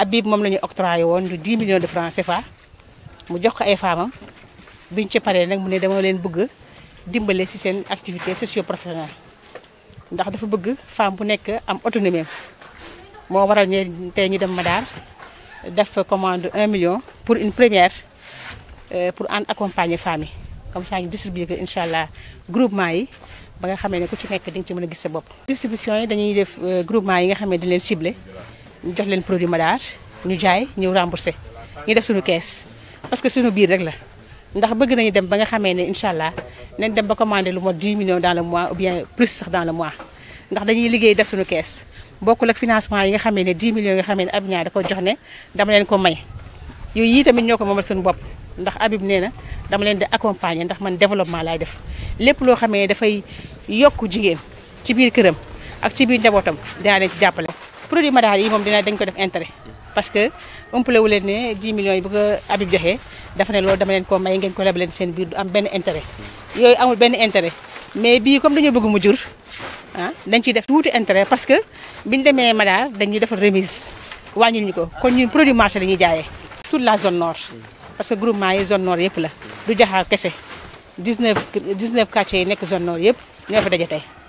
Habib mom la ñu octroyé woon du 10 millions de francs CFA mu jox ko ay femmes biñ ci paré nak mu ne dama leen bëgg dimbalé ci seen activité socio-professionnelle ndax dafa bëgg femme bu nekk am autonomie mo waral ñu tey ñu dem Madar def commande 1 million pour une première euh, pour en accompagner femmes comme ça ñu distribuer ko incha groupement yi ba nga xamé ne ku ci nekk di nga ci mëna a gis sa bop distribution yi dañuy def euh, groupement yi nga xamé dañ leen ciblé. ñu jox leen produit Madaar ñu jaay ñëw remboursé ñu def suñu kees parce que suñu biir rek la ndax bëgg nañu dem ba nga xamee ne incha allah nañ dem ba commandé lu mot 10 millions dans le mois ou bien plus sax dans le mois ndax liggéey def suñu kees bokkul ak financement yi xamee ne 10 millions nga xamee ne ab ñaar da ko jox ne dama leen ko may yooyu yi tamit ñoo ko moomal suñu bopp ndax Habib nee na dama leen di accompagner ndax man développement laay def lépp loo xamee ne dafay yokk jigéen ci biir këram ak ci biir njabootam dinaa leen ci jàppale. produit madar yi moom dina dañ ko def parce que 10 millions yi bu ko Habib joxee dafa ne loolu dama leen ko may ngeen ko seen biir du am intérêt amul intérêt mais bii comme dañoo bëgg mu ah, dañ ciy def tuuti intérêt parce que biñu demee madar dañuy defal remise wàññil ñu ko kon produit marché la ñuy toute la zone nord parce que groupement zone nord yépp la du kese 19 19 quartiers yi nekk zone nord yépp ñoo fa